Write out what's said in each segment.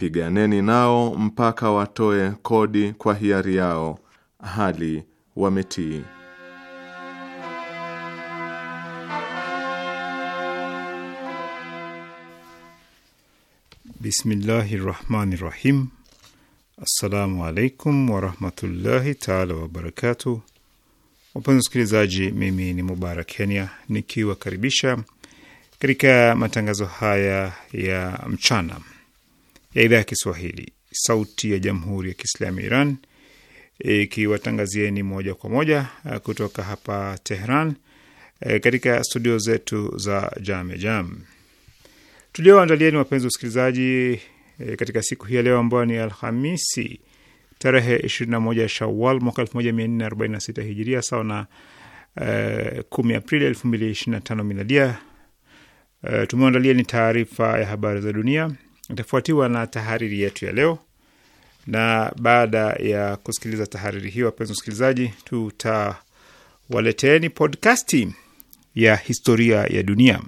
piganeni nao mpaka watoe kodi kwa hiari yao hali wametii. Bismillahi rahmani rahim. Assalamu alaikum warahmatullahi taala wabarakatu. Wapenzi wasikilizaji, mimi ni Mubarak Kenya nikiwakaribisha katika matangazo haya ya mchana ya idhaa ya Kiswahili, Sauti ya Jamhuri ya Kiislamu ya Iran ikiwatangazieni e, moja kwa moja uh, kutoka hapa Tehran e, katika studio zetu za Jame Jam tulioandalieni wapenzi usikilizaji e, uh, katika siku hii ya leo ambayo ni Alhamisi tarehe 21 Shawal mwaka 1446 Hijiria sawa na e, 10 Aprili 2025 Miladia. E, tumeandalia ni taarifa ya habari za dunia Itafuatiwa na tahariri yetu ya leo, na baada ya kusikiliza tahariri hiyo, wapenzi wasikilizaji, tutawaleteeni podkasti ya historia ya dunia.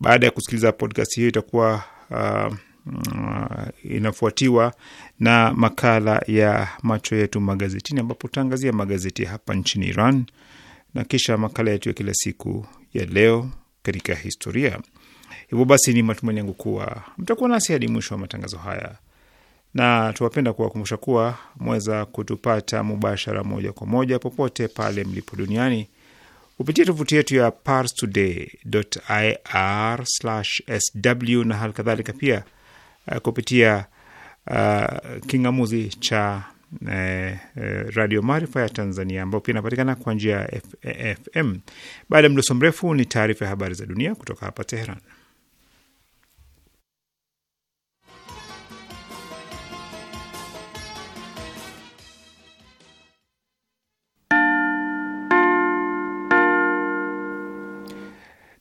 Baada ya kusikiliza podkasti hiyo itakuwa uh, mm, inafuatiwa na makala ya macho yetu magazetini, ambapo tutaangazia magazeti hapa nchini Iran, na kisha makala yetu ya kila siku ya leo katika historia. Hivyo basi ni matumaini yangu kuwa mtakuwa nasi hadi mwisho wa matangazo haya, na tuwapenda kuwakumbusha kuwa mweza kutupata mubashara, moja kwa moja, popote pale mlipo duniani kupitia tovuti yetu ya parstoday.ir/sw na hali kadhalika pia uh, kupitia uh, kingamuzi cha uh, uh, Radio Maarifa ya Tanzania ambayo pia inapatikana kwa njia ya FM. Baada ya mdoso mrefu, ni taarifa ya habari za dunia kutoka hapa Teheran.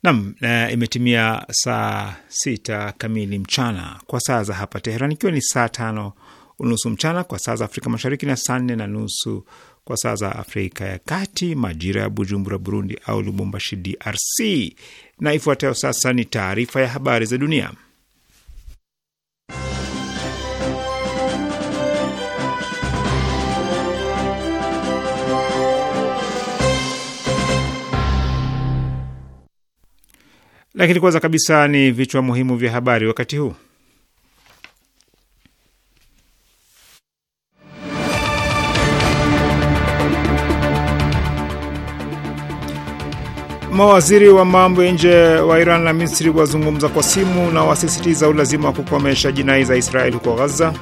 Nam na, imetimia saa sita kamili mchana kwa saa za hapa Teheran, ikiwa ni saa tano unusu mchana kwa saa za Afrika Mashariki na saa nne na nusu kwa saa za Afrika ya Kati, majira ya Bujumbura Burundi au Lubumbashi DRC. Na ifuatayo sasa ni taarifa ya habari za dunia. Lakini kwanza kabisa ni vichwa muhimu vya habari wakati huu. Mawaziri wa mambo ya nje wa Iran na Misri wazungumza kwa simu na wasisitiza ulazima wa kukomesha jinai za Israeli huko Ghaza.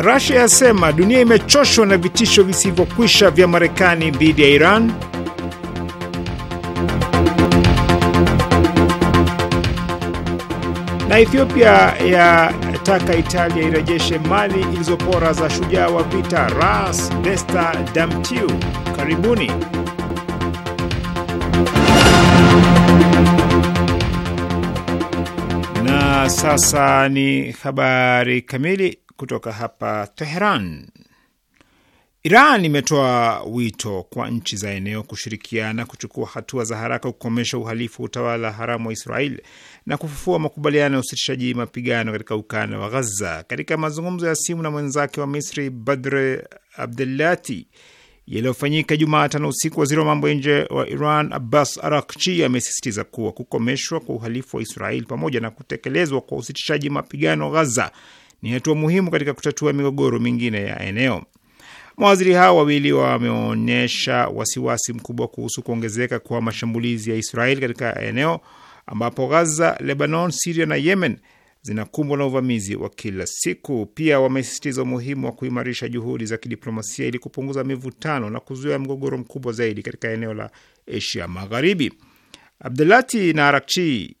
Rasia yasema dunia imechoshwa na vitisho visivyokwisha vya Marekani dhidi ya Iran. Na Ethiopia yataka Italia irejeshe mali ilizopora za shujaa wa vita Ras Desta Damtiu. Karibuni. Na sasa ni habari kamili kutoka hapa Teheran. Iran imetoa wito kwa nchi za eneo kushirikiana kuchukua hatua za haraka kukomesha uhalifu wa utawala haramu wa Israel na kufufua makubaliano ya usitishaji mapigano katika ukanda wa Ghaza. Katika mazungumzo ya simu na mwenzake wa Misri Badr Abdelati yaliyofanyika Jumatano usiku, waziri wa mambo ya nje wa Iran Abbas Arakchi amesisitiza kuwa kukomeshwa kwa uhalifu wa Israel pamoja na kutekelezwa kwa usitishaji mapigano Ghaza ni hatua muhimu katika kutatua migogoro mingine ya eneo. Mawaziri hao wawili wameonyesha wasiwasi mkubwa kuhusu kuongezeka kwa mashambulizi ya Israeli katika eneo ambapo Gaza, Lebanon, Siria na Yemen zinakumbwa na uvamizi wa kila siku. Pia wamesisitiza umuhimu wa kuimarisha juhudi za kidiplomasia ili kupunguza mivutano na kuzuia mgogoro mkubwa zaidi katika eneo la Asia Magharibi. Abdulati na Arakchi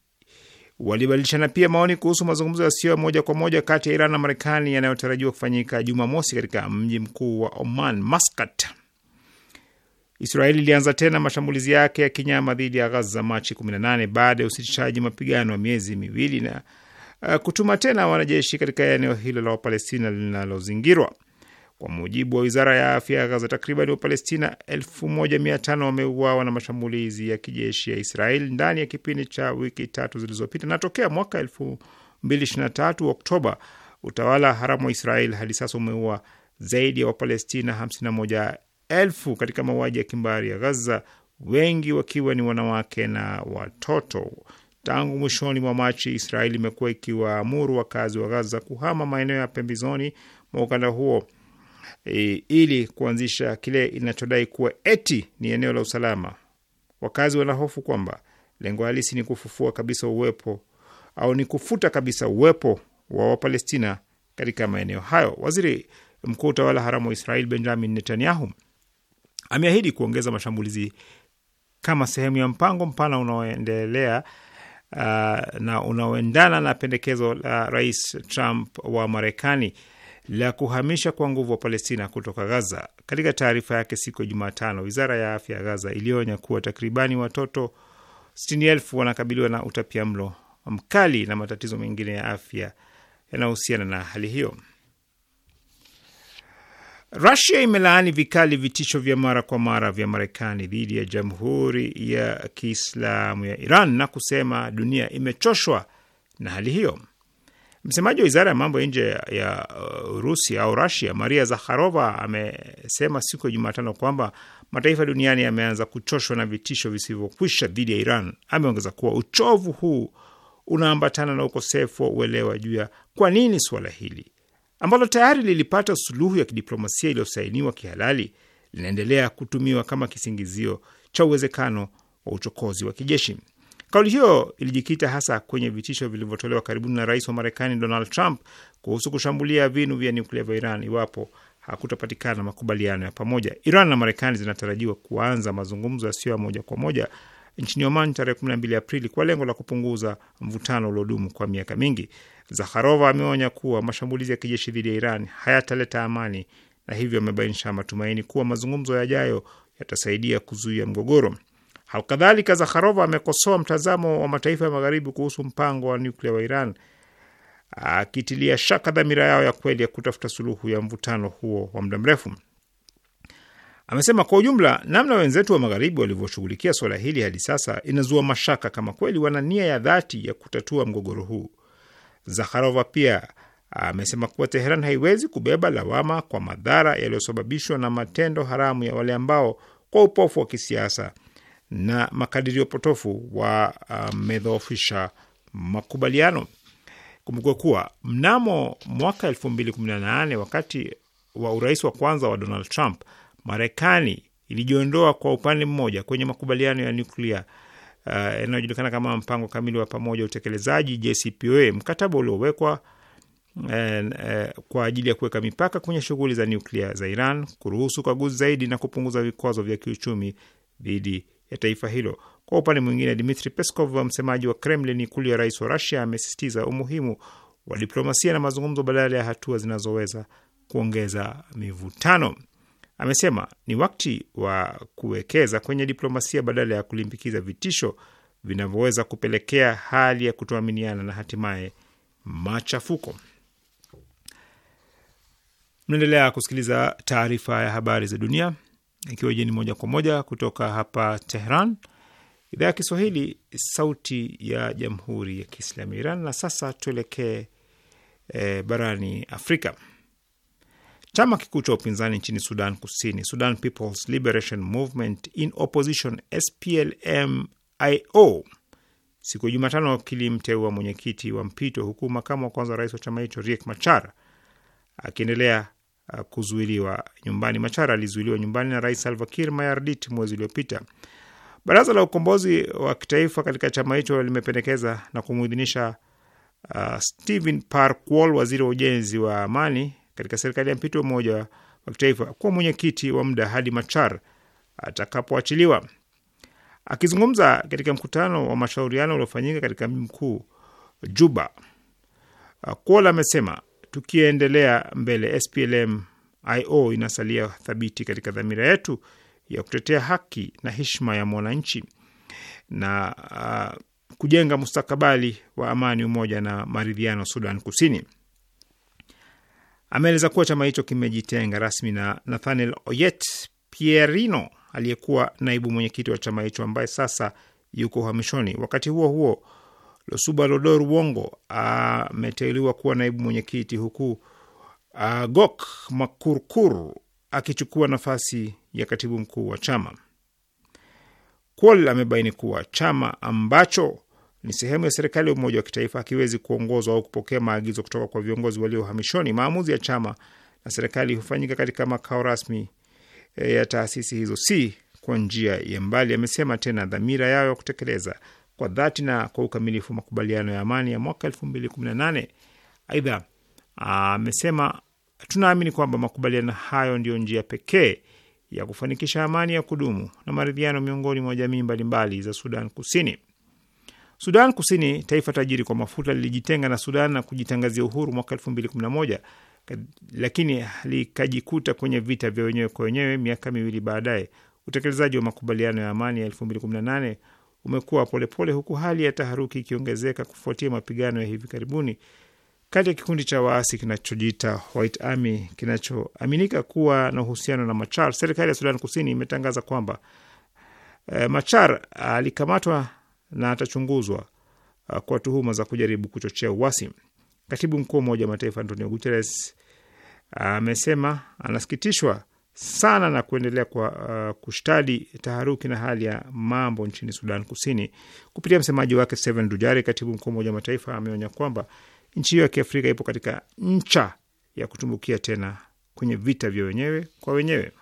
Walibadilishana pia maoni kuhusu mazungumzo yasiyo ya moja kwa moja kati ya Iran na Marekani yanayotarajiwa kufanyika Jumamosi katika mji mkuu wa Oman, Maskat. Israeli ilianza tena mashambulizi yake ya kinyama dhidi ya Ghaza Machi 18 baada ya usitishaji mapigano wa miezi miwili na uh, kutuma tena wanajeshi katika eneo hilo la Wapalestina linalozingirwa. Kwa mujibu wa wizara ya afya ya Gaza, takriban Wapalestina 1500 wameuawa na mashambulizi ya kijeshi ya Israel ndani ya kipindi cha wiki tatu zilizopita, na tokea mwaka 2023 Oktoba, utawala haramu wa Israel hadi sasa umeua zaidi ya Wapalestina 51,000 katika mauaji ya kimbari ya Gaza, wengi wakiwa ni wanawake na watoto. Tangu mwishoni mwa Machi, Israel imekuwa ikiwaamuru wakazi wa Gaza kuhama maeneo ya pembezoni mwa ukanda huo e, ili kuanzisha kile inachodai kuwa eti ni eneo la usalama. Wakazi wanahofu kwamba lengo halisi ni kufufua kabisa uwepo au ni kufuta kabisa uwepo wa Wapalestina katika maeneo hayo. Waziri mkuu wa utawala haramu wa Israel Benjamin Netanyahu ameahidi kuongeza mashambulizi kama sehemu ya mpango mpana unaoendelea uh, na unaoendana na pendekezo la Rais Trump wa Marekani la kuhamisha kwa nguvu wa Palestina kutoka Gaza. Katika taarifa yake siku ya Jumatano, wizara ya afya ya Gaza ilionya kuwa takribani watoto sitini wanakabiliwa na utapiamlo mkali na matatizo mengine ya afya yanayohusiana na hali hiyo. Rusia imelaani vikali vitisho vya mara kwa mara vya Marekani dhidi ya Jamhuri ya Kiislamu ya Iran na kusema dunia imechoshwa na hali hiyo. Msemaji wa wizara ya mambo ya nje ya uh, Urusi au Rasia, Maria Zakharova, amesema siku ya Jumatano kwamba mataifa duniani yameanza kuchoshwa na vitisho visivyokwisha dhidi ya Iran. Ameongeza kuwa uchovu huu unaambatana na ukosefu wa uelewa juu ya kwa nini suala hili ambalo tayari lilipata suluhu ya kidiplomasia iliyosainiwa kihalali linaendelea kutumiwa kama kisingizio cha uwezekano wa uchokozi wa kijeshi. Kauli hiyo ilijikita hasa kwenye vitisho vilivyotolewa karibuni na rais wa Marekani Donald Trump kuhusu kushambulia vinu vya nyuklia vya Iran iwapo hakutapatikana makubaliano ya pamoja. Iran na Marekani zinatarajiwa kuanza mazungumzo yasiyo ya moja kwa moja nchini Oman tarehe 12 Aprili kwa lengo la kupunguza mvutano uliodumu kwa miaka mingi. Zakharova ameonya kuwa mashambulizi ya kijeshi dhidi ya Iran hayataleta amani na hivyo amebainisha matumaini kuwa mazungumzo yajayo yatasaidia kuzuia mgogoro halkadhalika Zakharova amekosoa mtazamo wa mataifa ya magharibi kuhusu mpango wa nyuklia wa Iran, akitilia shaka dhamira yao ya kweli ya kutafuta suluhu ya mvutano huo wa muda mrefu. Amesema kwa ujumla, namna wenzetu wa magharibi walivyoshughulikia suala hili hadi sasa inazua mashaka kama kweli wana nia ya dhati ya kutatua mgogoro huu. Zakharova pia amesema kuwa Teheran haiwezi kubeba lawama kwa madhara yaliyosababishwa na matendo haramu ya wale ambao kwa upofu wa kisiasa na makadirio potofu wamedhoofisha uh, makubaliano. Kumbukwe kuwa mnamo mwaka 218 wakati wa urais wa kwanza wa Donald Trump, Marekani ilijiondoa kwa upande mmoja kwenye makubaliano ya nuklia uh, yanayojulikana uh, kama mpango kamili wa pamoja utekelezaji JCPOA, mkataba uliowekwa uh, uh, kwa ajili ya kuweka mipaka kwenye shughuli za nuklia za Iran, kuruhusu ukaguzi zaidi na kupunguza vikwazo vya kiuchumi dhidi ya taifa hilo. Kwa upande mwingine, Dmitri Peskov, msemaji wa Kremlin, ikulu ya rais wa Rusia, amesisitiza umuhimu wa diplomasia na mazungumzo badala ya hatua zinazoweza kuongeza mivutano. Amesema ni wakati wa kuwekeza kwenye diplomasia badala ya kulimbikiza vitisho vinavyoweza kupelekea hali ya kutoaminiana na hatimaye machafuko. Mnaendelea kusikiliza taarifa ya habari za dunia ikiwa jeni moja kwa moja kutoka hapa Tehran, idhaa ya Kiswahili, sauti ya jamhuri ya kiislamu ya Iran. Na sasa tuelekee e, barani Afrika. Chama kikuu cha upinzani nchini Sudan Kusini, Sudan People's Liberation Movement in Opposition, SPLM-IO, siku ya Jumatano kilimteua mwenyekiti wa mpito, huku makamu wa kwanza wa rais wa chama hicho Riek Machar akiendelea Uh, kuzuiliwa nyumbani. Machar alizuiliwa nyumbani na Rais Salva Kiir Mayardit mwezi uliopita. Baraza la ukombozi wa kitaifa katika chama hicho limependekeza na kumwidhinisha uh, Stephen Parkwall, waziri wa ujenzi wa amani katika serikali ya mpito mmoja wa kitaifa, kuwa mwenyekiti wa muda hadi Machar atakapoachiliwa. Akizungumza katika mkutano wa mashauriano uliofanyika katika mji mkuu Juba, uh, Kuol amesema Tukiendelea mbele, SPLM IO inasalia thabiti katika dhamira yetu ya kutetea haki na heshima ya mwananchi na uh, kujenga mustakabali wa amani, umoja na maridhiano Sudan Kusini. Ameeleza kuwa chama hicho kimejitenga rasmi na Nathaniel Oyet Pierino aliyekuwa naibu mwenyekiti wa chama hicho ambaye sasa yuko uhamishoni. Wakati huo huo Losuba Lodor Wongo ameteuliwa kuwa naibu mwenyekiti huku uh, Gok Makurkur akichukua nafasi ya katibu mkuu wa chama. Kuol amebaini kuwa chama ambacho ni sehemu ya serikali ya umoja wa kitaifa akiwezi kuongozwa au kupokea maagizo kutoka kwa viongozi walio uhamishoni. Maamuzi ya chama na serikali hufanyika katika makao rasmi eh, ya taasisi hizo, si kwa njia ya mbali. Amesema tena dhamira yao ya kutekeleza kwa dhati na kwa ukamilifu makubaliano ya amani ya mwaka 2018. Aidha amesema tunaamini kwamba makubaliano hayo ndiyo njia pekee ya kufanikisha amani ya kudumu na maridhiano miongoni mwa jamii mbalimbali za Sudan Kusini. Sudan Kusini, taifa tajiri kwa mafuta, lilijitenga na Sudan na kujitangazia uhuru mwaka 2011 lakini likajikuta kwenye vita vya wenyewe kwa wenyewe miaka miwili baadaye. Utekelezaji wa makubaliano ya amani ya 2018 umekuwa polepole, huku hali ya taharuki ikiongezeka kufuatia mapigano ya hivi karibuni kati ya kikundi cha waasi kinachojiita White Army kinachoaminika kuwa na uhusiano na Machar. Serikali ya Sudan Kusini imetangaza kwamba eh, Machar alikamatwa na atachunguzwa eh, kwa tuhuma za kujaribu kuchochea uasi. Katibu mkuu wa Umoja wa Mataifa Antonio Guterres amesema anasikitishwa sana na kuendelea kwa uh, kushtadi taharuki na hali ya mambo nchini Sudan Kusini. Kupitia msemaji wake Steven Dujari, katibu mkuu wa Umoja wa Mataifa ameonya kwamba nchi hiyo ya kiafrika ipo katika ncha ya kutumbukia tena kwenye vita vya wenyewe kwa wenyewe.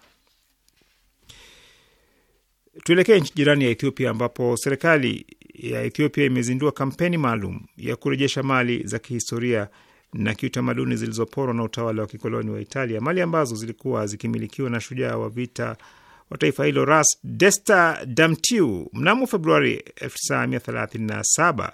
Tuelekee nchi jirani ya Ethiopia ambapo serikali ya Ethiopia imezindua kampeni maalum ya kurejesha mali za kihistoria na kiutamaduni zilizoporwa na utawala wa kikoloni wa Italia, mali ambazo zilikuwa zikimilikiwa na shujaa wa vita wa taifa hilo Ras Desta Damtiu. Mnamo Februari 1937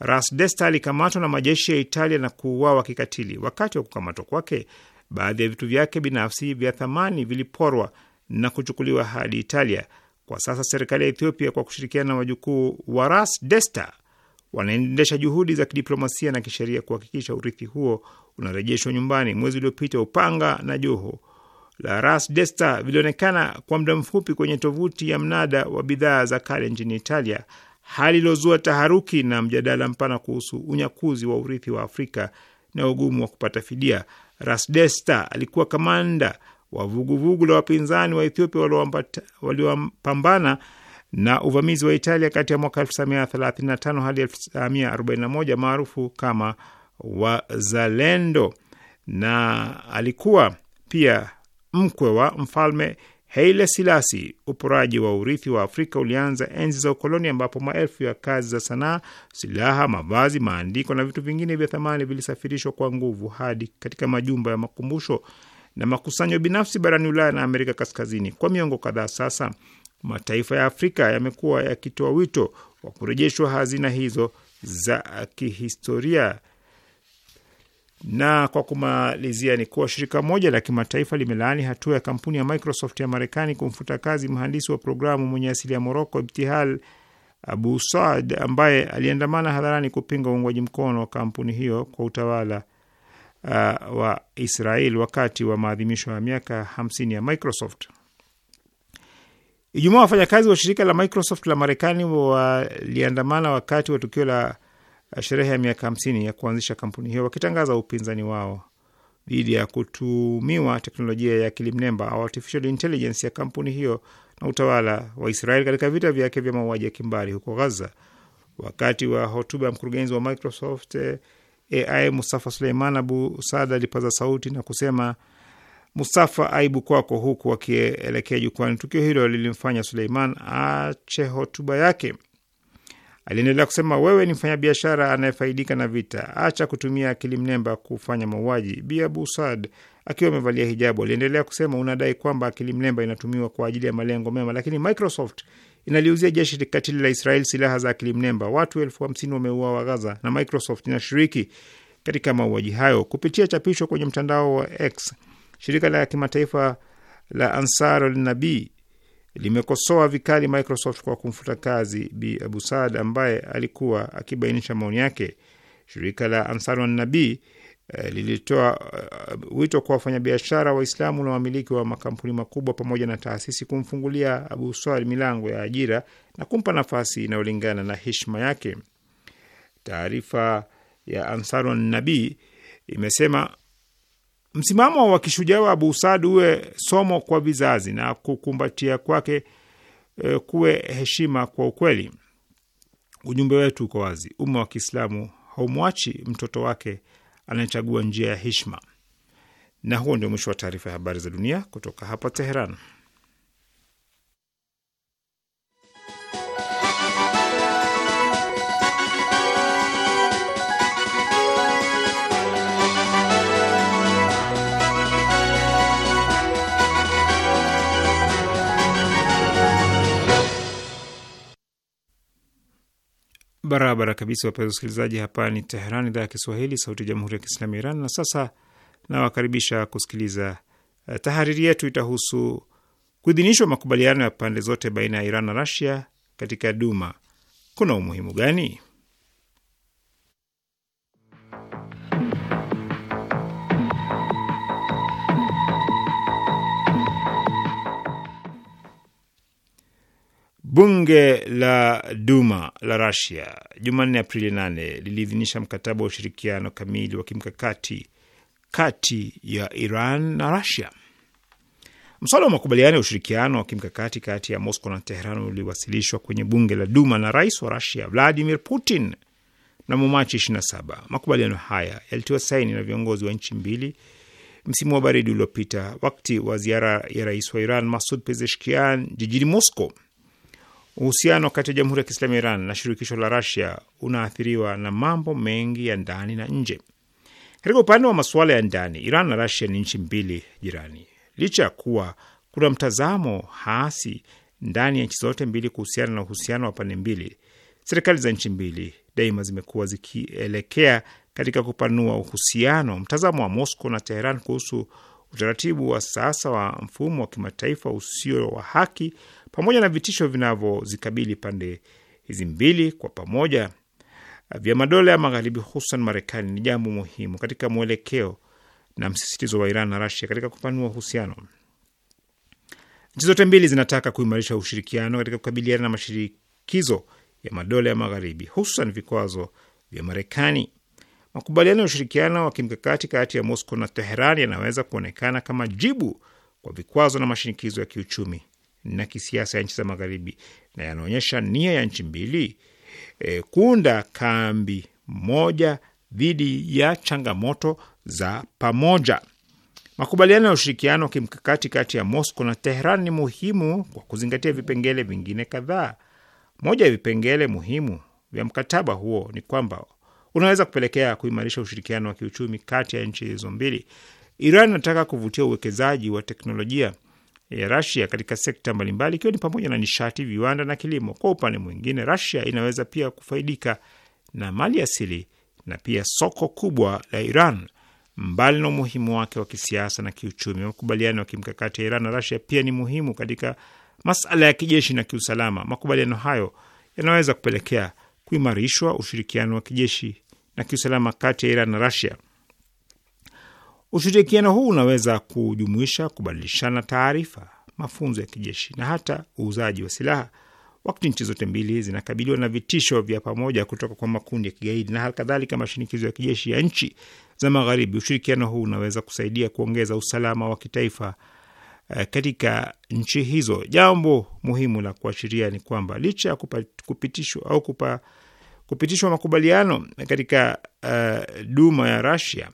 Ras Desta alikamatwa na majeshi ya Italia na kuuawa kikatili. Wakati wa kukamatwa kwake, baadhi ya vitu vyake binafsi vya thamani viliporwa na kuchukuliwa hadi Italia. Kwa sasa serikali ya Ethiopia kwa kushirikiana na wajukuu wa Ras Desta wanaendesha juhudi za kidiplomasia na kisheria kuhakikisha urithi huo unarejeshwa nyumbani. Mwezi uliopita Upanga na Joho la Ras Desta vilionekana kwa muda mfupi kwenye tovuti ya mnada wa bidhaa za kale nchini Italia, hali iliozua taharuki na mjadala mpana kuhusu unyakuzi wa urithi wa Afrika na ugumu wa kupata fidia. Ras Desta alikuwa kamanda wa vuguvugu la wapinzani wa Ethiopia waliopambana na uvamizi wa Italia kati ya mwaka 1935 hadi 1941 maarufu kama Wazalendo, na alikuwa pia mkwe wa mfalme Haile Silasi. Uporaji wa urithi wa Afrika ulianza enzi za ukoloni, ambapo maelfu ya kazi za sanaa, silaha, mavazi, maandiko na vitu vingine vya thamani vilisafirishwa kwa nguvu hadi katika majumba ya makumbusho na makusanyo binafsi barani Ulaya na Amerika Kaskazini. Kwa miongo kadhaa sasa mataifa ya Afrika yamekuwa yakitoa wito wa kurejeshwa hazina hizo za kihistoria. Na kwa kumalizia ni kuwa shirika moja la kimataifa limelaani hatua ya kampuni ya Microsoft ya Marekani kumfuta kazi mhandisi wa programu mwenye asili ya Moroko, Ibtihal Abu Saad, ambaye aliandamana hadharani kupinga uungwaji mkono wa kampuni hiyo kwa utawala uh, wa Israel wakati wa maadhimisho ya miaka 50 ya Microsoft. Ijumaa wafanyakazi wa shirika la Microsoft la Marekani waliandamana wakati wa tukio la sherehe ya miaka hamsini ya kuanzisha kampuni hiyo wakitangaza upinzani wao dhidi ya kutumiwa teknolojia ya akili mnemba au artificial intelligence ya kampuni hiyo na utawala wa Israeli katika vita vyake vya mauaji ya kimbari huko Gaza. Wakati wa hotuba ya mkurugenzi wa Microsoft eh, AI Mustafa Suleiman Abu saada alipaza sauti na kusema Mustafa aibu kwako, huku akielekea jukwani. Tukio hilo lilimfanya Suleiman ache hotuba yake. Aliendelea kusema, wewe ni mfanyabiashara anayefaidika na vita, acha kutumia akili mnemba kufanya mauaji. Bi Abu Saad akiwa amevalia hijabu aliendelea kusema, unadai kwamba akili mnemba inatumiwa kwa ajili ya malengo mema, lakini Microsoft inaliuzia jeshi katili la Israel silaha za akili mnemba. Watu elfu hamsini wameuawa Gaza na Microsoft inashiriki katika mauaji hayo. Kupitia chapisho kwenye mtandao wa X, Shirika la kimataifa la Ansar al-Nabi limekosoa vikali Microsoft kwa kumfuta kazi Bi Abu Saad ambaye alikuwa akibainisha maoni yake. Shirika la Ansar al-Nabi eh, lilitoa uh, wito kwa wafanyabiashara Waislamu na wamiliki wa makampuni makubwa pamoja na taasisi kumfungulia Abu Saad milango ya ajira na kumpa nafasi inayolingana na heshima yake. Taarifa ya Ansarun imesema Msimamo wa kishujaa wa Abu Saad uwe somo kwa vizazi na kukumbatia kwake e, kuwe heshima kwa ukweli. Ujumbe wetu uko wazi: umma wa Kiislamu haumwachi mtoto wake anayechagua njia ya hishma. Na huo ndio mwisho wa taarifa ya habari za dunia kutoka hapa Teheran. Barabara kabisa, wapenzi wasikilizaji, hapa ni Teheran, idhaa ya Kiswahili, sauti ya jamhuri ya kiislamu ya Iran. Na sasa nawakaribisha kusikiliza eh, tahariri yetu. Itahusu kuidhinishwa makubaliano ya pande zote baina ya Iran na Rasia katika Duma, kuna umuhimu gani? Bunge la Duma la Rasia Jumanne, Aprili 8 liliidhinisha mkataba wa ushirikiano kamili wa kimkakati kati ya Iran na Rasia. Mswada wa makubaliano ya ushirikiano wa kimkakati kati ya Moscow na Teheran uliwasilishwa kwenye bunge la Duma na rais wa Rasia Vladimir Putin mnamo Machi 27. Makubaliano haya yalitiwa saini na viongozi wa nchi mbili msimu wa baridi uliopita wakati wa ziara ya rais wa Iran Masud Pezeshkian jijini Moscow. Uhusiano kati ya Jamhuri ya Kiislamu ya Iran na shirikisho la Rasia unaathiriwa na mambo mengi ya ndani na nje. Katika upande wa masuala ya ndani, Iran na Rasia ni nchi mbili jirani, licha ya kuwa kuna mtazamo hasi ndani ya nchi zote mbili kuhusiana na uhusiano wa pande mbili. Serikali za nchi mbili daima zimekuwa zikielekea katika kupanua uhusiano. Mtazamo wa Moscow na Teheran kuhusu utaratibu wa sasa wa mfumo wa kimataifa usio wa haki pamoja na vitisho vinavyozikabili pande hizi mbili kwa pamoja vya madola ya magharibi hususan Marekani ni jambo muhimu katika mwelekeo na msisitizo wa Iran na Rasia katika kupanua uhusiano. Nchi zote mbili zinataka kuimarisha ushirikiano katika kukabiliana na mashirikizo ya madola ya magharibi hususan vikwazo vya Marekani. Makubaliano ya ushirikiano wa kimkakati kati ya Moscow na Teheran yanaweza kuonekana kama jibu kwa vikwazo na mashinikizo ya kiuchumi na kisiasa ya nchi za Magharibi, na yanaonyesha nia ya nchi mbili e, kuunda kambi moja dhidi ya changamoto za pamoja. Makubaliano ya ushirikiano wa kimkakati kati ya Moscow na Teheran ni muhimu kwa kuzingatia vipengele vingine kadhaa. Moja ya vipengele muhimu vya mkataba huo ni kwamba unaweza kupelekea kuimarisha ushirikiano wa kiuchumi kati ya nchi hizo mbili. Iran inataka kuvutia uwekezaji wa teknolojia ya Rasia katika sekta mbalimbali, ikiwa ni pamoja na nishati, viwanda na kilimo. Kwa upande mwingine, Rasia inaweza pia kufaidika na mali asili na pia soko kubwa la Iran. Mbali na umuhimu wake wa kisiasa na kiuchumi, makubaliano ya kimkakati ya Iran na Rasia pia ni muhimu katika masala ya kijeshi na kiusalama. Makubaliano hayo yanaweza kupelekea kuimarishwa ushirikiano wa kijeshi na kiusalama kati ya Iran na Rasia. Ushirikiano huu unaweza kujumuisha kubadilishana taarifa, mafunzo ya kijeshi na hata uuzaji wa silaha, wakati nchi zote mbili zinakabiliwa na vitisho vya pamoja kutoka kwa makundi ya kigaidi na hali kadhalika mashinikizo ya kijeshi ya nchi za Magharibi. Ushirikiano huu unaweza kusaidia kuongeza usalama wa kitaifa eh, katika nchi hizo. Jambo muhimu la kuashiria ni kwamba licha ya kupitishwa au kupa kupitishwa makubaliano katika uh, Duma ya rasia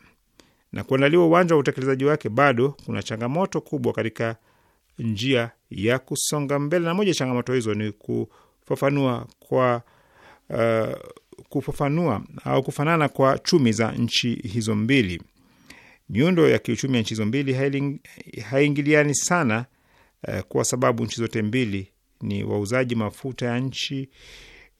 na kuandaliwa uwanja wa utekelezaji wake, bado kuna changamoto kubwa katika njia ya kusonga mbele, na moja ya changamoto hizo ni kufafanua kwa uh, kufafanua au kufanana kwa chumi za nchi hizo mbili. Miundo ya kiuchumi ya nchi hizo mbili haiingiliani sana, uh, kwa sababu nchi zote mbili ni wauzaji mafuta ya nchi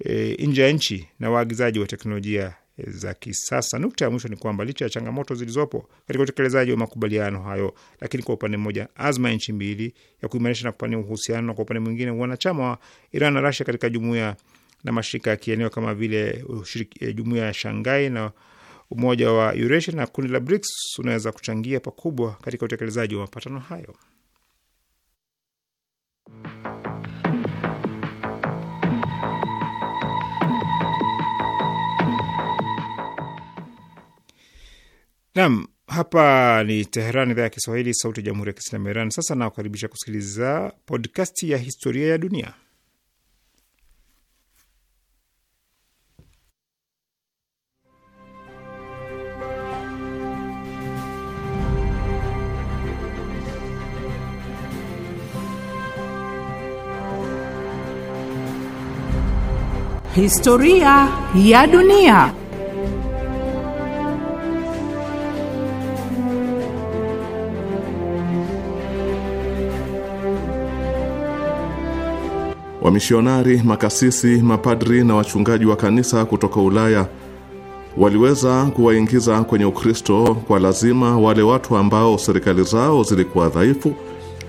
e, nje ya nchi na waagizaji wa teknolojia za kisasa. Nukta ya mwisho ni kwamba licha ya changamoto zilizopo katika utekelezaji wa makubaliano hayo, lakini kwa upande mmoja, azma ya nchi mbili ya kuimarisha na kupania uhusiano, na kwa upande mwingine, wanachama wa Iran na Rasia katika jumuiya na mashirika ya kieneo kama vile e, jumuiya ya Shangai na umoja wa Eurasia na kundi la BRICS unaweza kuchangia pakubwa katika utekelezaji wa mapatano hayo. Naam, hapa ni Teheran, idhaa ya Kiswahili, sauti ya jamhuri ya kiislamu ya Iran. Sasa nawakaribisha kusikiliza podkasti ya historia ya dunia, historia ya dunia. Wamishionari, makasisi, mapadri na wachungaji wa kanisa kutoka Ulaya waliweza kuwaingiza kwenye Ukristo kwa lazima wale watu ambao serikali zao zilikuwa dhaifu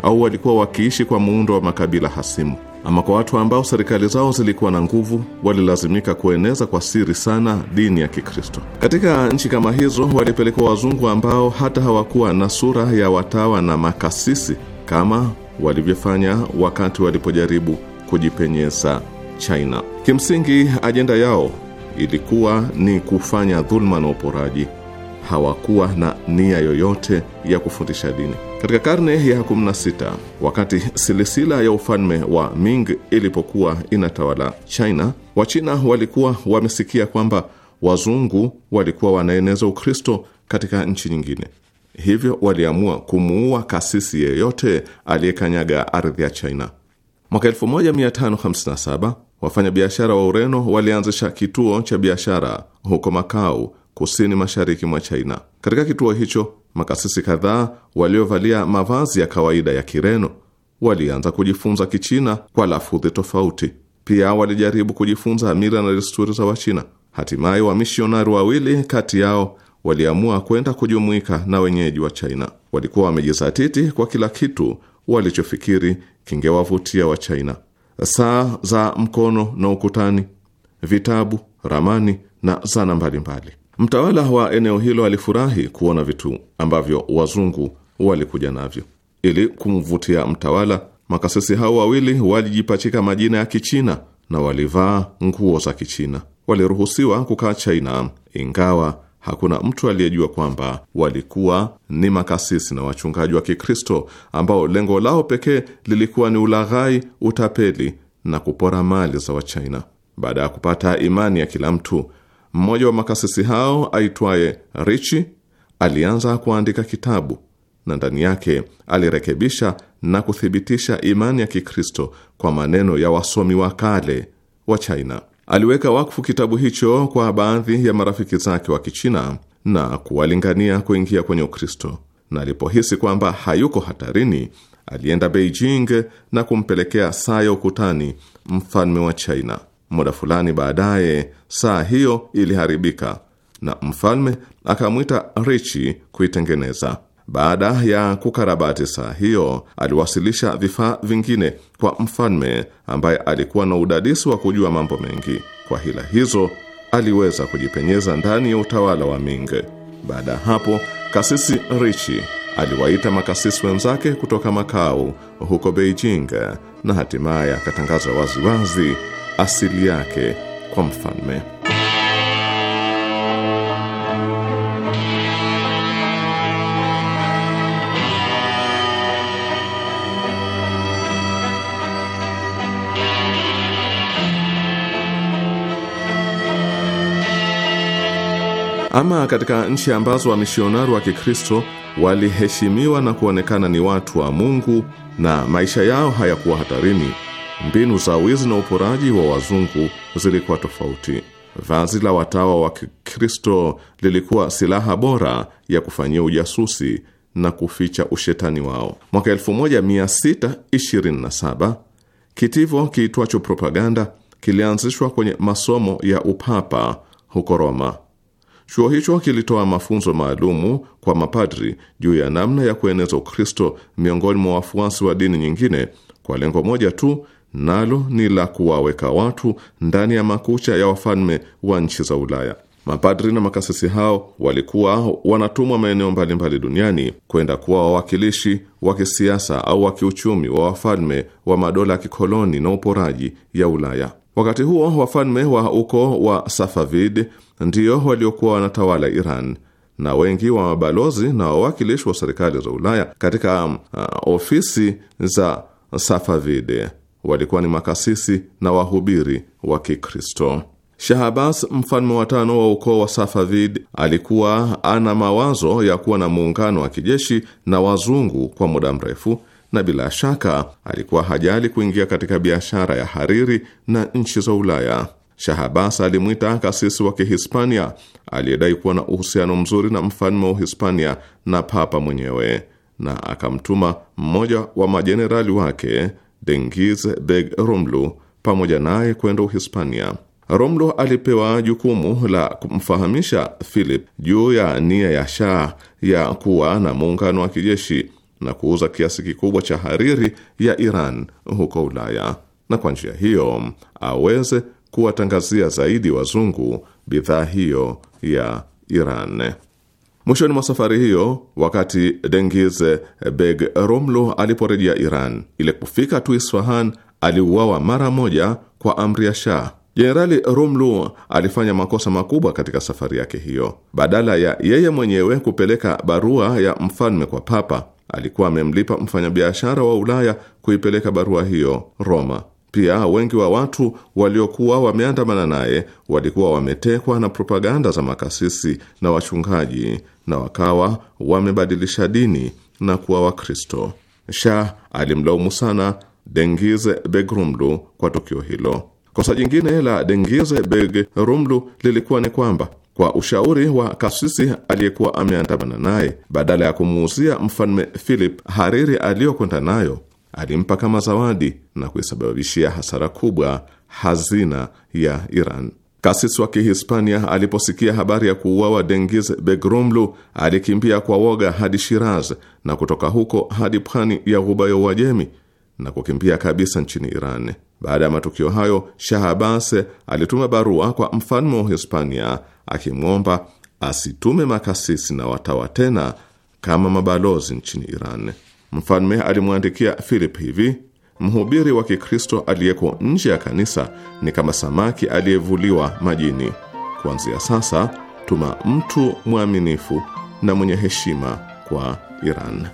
au walikuwa wakiishi kwa muundo wa makabila hasimu. Ama kwa watu ambao serikali zao zilikuwa na nguvu, walilazimika kueneza kwa siri sana dini ya Kikristo. Katika nchi kama hizo, walipelekwa wazungu ambao hata hawakuwa na sura ya watawa na makasisi kama walivyofanya wakati walipojaribu kujipenyeza China. Kimsingi ajenda yao ilikuwa ni kufanya dhuluma na uporaji. Hawakuwa na nia yoyote ya kufundisha dini. Katika karne ya 16 wakati silisila ya ufalme wa Ming ilipokuwa inatawala China, Wachina walikuwa wamesikia kwamba wazungu walikuwa wanaeneza Ukristo katika nchi nyingine, hivyo waliamua kumuua kasisi yeyote aliyekanyaga ardhi ya China. Mwaka 1557 wafanyabiashara wa Ureno walianzisha kituo cha biashara huko Makau, kusini mashariki mwa China. Katika kituo hicho, makasisi kadhaa waliovalia mavazi ya kawaida ya Kireno walianza kujifunza Kichina kwa lafudhi tofauti. Pia walijaribu kujifunza mila na desturi za Wachina. Hatimaye wamishionari wawili kati yao waliamua kwenda kujumuika na wenyeji wa China. Walikuwa wamejizatiti kwa kila kitu walichofikiri kingewavutia Wachina: saa za mkono na ukutani, vitabu, ramani na zana mbalimbali. Mtawala wa eneo hilo alifurahi kuona vitu ambavyo wazungu walikuja navyo. Ili kumvutia mtawala, makasisi hao wawili walijipachika majina ya Kichina na walivaa nguo za Kichina. Waliruhusiwa kukaa China ingawa hakuna mtu aliyejua kwamba walikuwa ni makasisi na wachungaji wa Kikristo ambao lengo lao pekee lilikuwa ni ulaghai, utapeli na kupora mali za Wachina. Baada ya kupata imani ya kila mtu, mmoja wa makasisi hao aitwaye Richi alianza kuandika kitabu na ndani yake alirekebisha na kuthibitisha imani ya Kikristo kwa maneno ya wasomi wa kale wa China. Aliweka wakfu kitabu hicho kwa baadhi ya marafiki zake wa Kichina na kuwalingania kuingia kwenye Ukristo, na alipohisi kwamba hayuko hatarini, alienda Beijing na kumpelekea saa ya ukutani mfalme wa China. Muda fulani baadaye, saa hiyo iliharibika na mfalme akamwita Richi kuitengeneza. Baada ya kukarabati saa hiyo, aliwasilisha vifaa vingine kwa mfalme ambaye alikuwa na udadisi wa kujua mambo mengi. Kwa hila hizo aliweza kujipenyeza ndani ya utawala wa Ming. Baada ya hapo, kasisi Richi aliwaita makasisi wenzake kutoka makau huko Beijing, na hatimaye akatangaza waziwazi asili yake kwa mfalme. Ama katika nchi ambazo wamishionari wa Kikristo waliheshimiwa na kuonekana ni watu wa Mungu na maisha yao hayakuwa hatarini, mbinu za wizi na uporaji wa wazungu zilikuwa tofauti. Vazi la watawa wa Kikristo lilikuwa silaha bora ya kufanyia ujasusi na kuficha ushetani wao. Mwaka 1627 kitivo kiitwacho propaganda kilianzishwa kwenye masomo ya upapa huko Roma. Chuo hicho kilitoa mafunzo maalumu kwa mapadri juu ya namna ya kueneza Ukristo miongoni mwa wafuasi wa dini nyingine kwa lengo moja tu, nalo ni la kuwaweka watu ndani ya makucha ya wafalme wa nchi za Ulaya. Mapadri na makasisi hao walikuwa wanatumwa maeneo mbalimbali duniani kwenda kuwa wawakilishi wa kisiasa au wa kiuchumi wa wafalme wa madola ya kikoloni na uporaji ya Ulaya. Wakati huo wafalme wa ukoo wa Safavid ndio waliokuwa wanatawala Iran na wengi wa mabalozi na wawakilishi wa serikali za Ulaya katika uh, ofisi za Safavid walikuwa ni makasisi na wahubiri wa Kikristo. Shahabas, mfalme wa tano wa ukoo wa Safavid, alikuwa ana mawazo ya kuwa na muungano wa kijeshi na wazungu kwa muda mrefu na bila shaka alikuwa hajali kuingia katika biashara ya hariri na nchi za Ulaya. Shahabas alimwita kasisi wa Kihispania aliyedai kuwa na uhusiano mzuri na mfalme wa Uhispania na papa mwenyewe, na akamtuma mmoja wa majenerali wake Dengiz Beg Romlu pamoja naye kwenda Uhispania. Romlu alipewa jukumu la kumfahamisha Philip juu ya nia ya Shah ya kuwa na muungano wa kijeshi na kuuza kiasi kikubwa cha hariri ya Iran huko Ulaya, na kwa njia hiyo aweze kuwatangazia zaidi wazungu bidhaa hiyo ya Iran. Mwishoni mwa safari hiyo, wakati Dengiz Beg Romlu aliporejea Iran, ile kufika tu Isfahan, aliuawa mara moja kwa amri ya Shah. Jenerali Rumlu alifanya makosa makubwa katika safari yake hiyo. Badala ya yeye mwenyewe kupeleka barua ya mfalme kwa Papa, alikuwa amemlipa mfanyabiashara wa Ulaya kuipeleka barua hiyo Roma. Pia wengi wa watu waliokuwa wameandamana naye walikuwa wametekwa na propaganda za makasisi na wachungaji na wakawa wamebadilisha dini na kuwa Wakristo. Shah alimlaumu sana Dengize Beg Rumlu kwa tukio hilo. Kosa jingine la Dengize Beg Rumlu lilikuwa ni kwamba kwa ushauri wa kasisi aliyekuwa ameandamana naye, badala ya kumuuzia mfalme Philip hariri aliyokwenda nayo, alimpa kama zawadi na kuisababishia hasara kubwa hazina ya Iran. Kasisi wa Kihispania aliposikia habari ya kuuawa Dengiz Begrumlu alikimbia kwa woga hadi Shiraz na kutoka huko hadi pwani ya ghuba ya Uajemi na kukimbia kabisa nchini Iran. Baada ya matukio hayo, Shah Abbas alituma barua kwa mfalme wa Hispania akimwomba asitume makasisi na watawa tena kama mabalozi nchini Iran. Mfalme alimwandikia Philip hivi: mhubiri wa Kikristo aliyeko nje ya kanisa ni kama samaki aliyevuliwa majini. Kuanzia sasa, tuma mtu mwaminifu na mwenye heshima kwa Iran.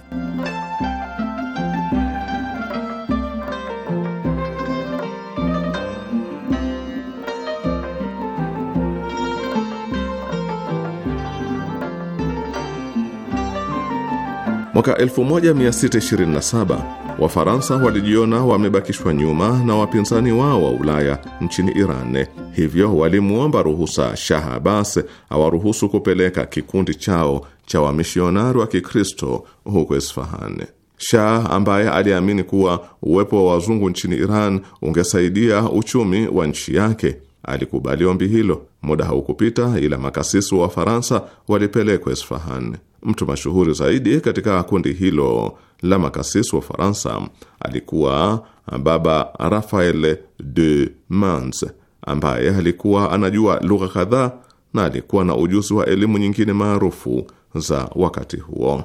Mwaka 1627 Wafaransa walijiona wamebakishwa nyuma na wapinzani wao wa Ulaya nchini Iran, hivyo walimwomba ruhusa Shah Abbas awaruhusu kupeleka kikundi chao cha wamishionari wa Kikristo huko Isfahan. Shah ambaye aliamini kuwa uwepo wa wazungu nchini Iran ungesaidia uchumi wa nchi yake alikubali ombi hilo. Muda haukupita ila makasisi wa Faransa walipelekwa Isfahan. Mtu mashuhuri zaidi katika kundi hilo la makasisi wa Faransa alikuwa Baba Rafael de Mans ambaye alikuwa anajua lugha kadhaa na alikuwa na ujuzi wa elimu nyingine maarufu za wakati huo.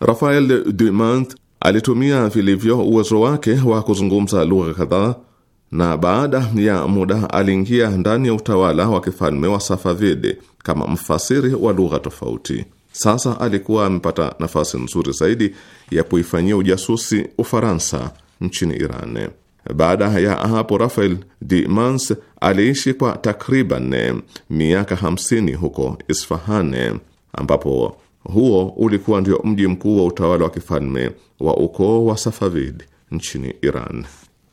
Rafael de Mans alitumia vilivyo uwezo wake wa kuzungumza lugha kadhaa na baada ya muda aliingia ndani ya utawala wa kifalme wa Safavidi kama mfasiri wa lugha tofauti. Sasa alikuwa amepata nafasi nzuri zaidi ya kuifanyia ujasusi Ufaransa nchini Iran. Baada ya hapo, Rafael de Mans aliishi kwa takriban miaka hamsini huko Isfahan, ambapo huo ulikuwa ndio mji mkuu wa utawala wa kifalme wa ukoo wa Safavid nchini Iran.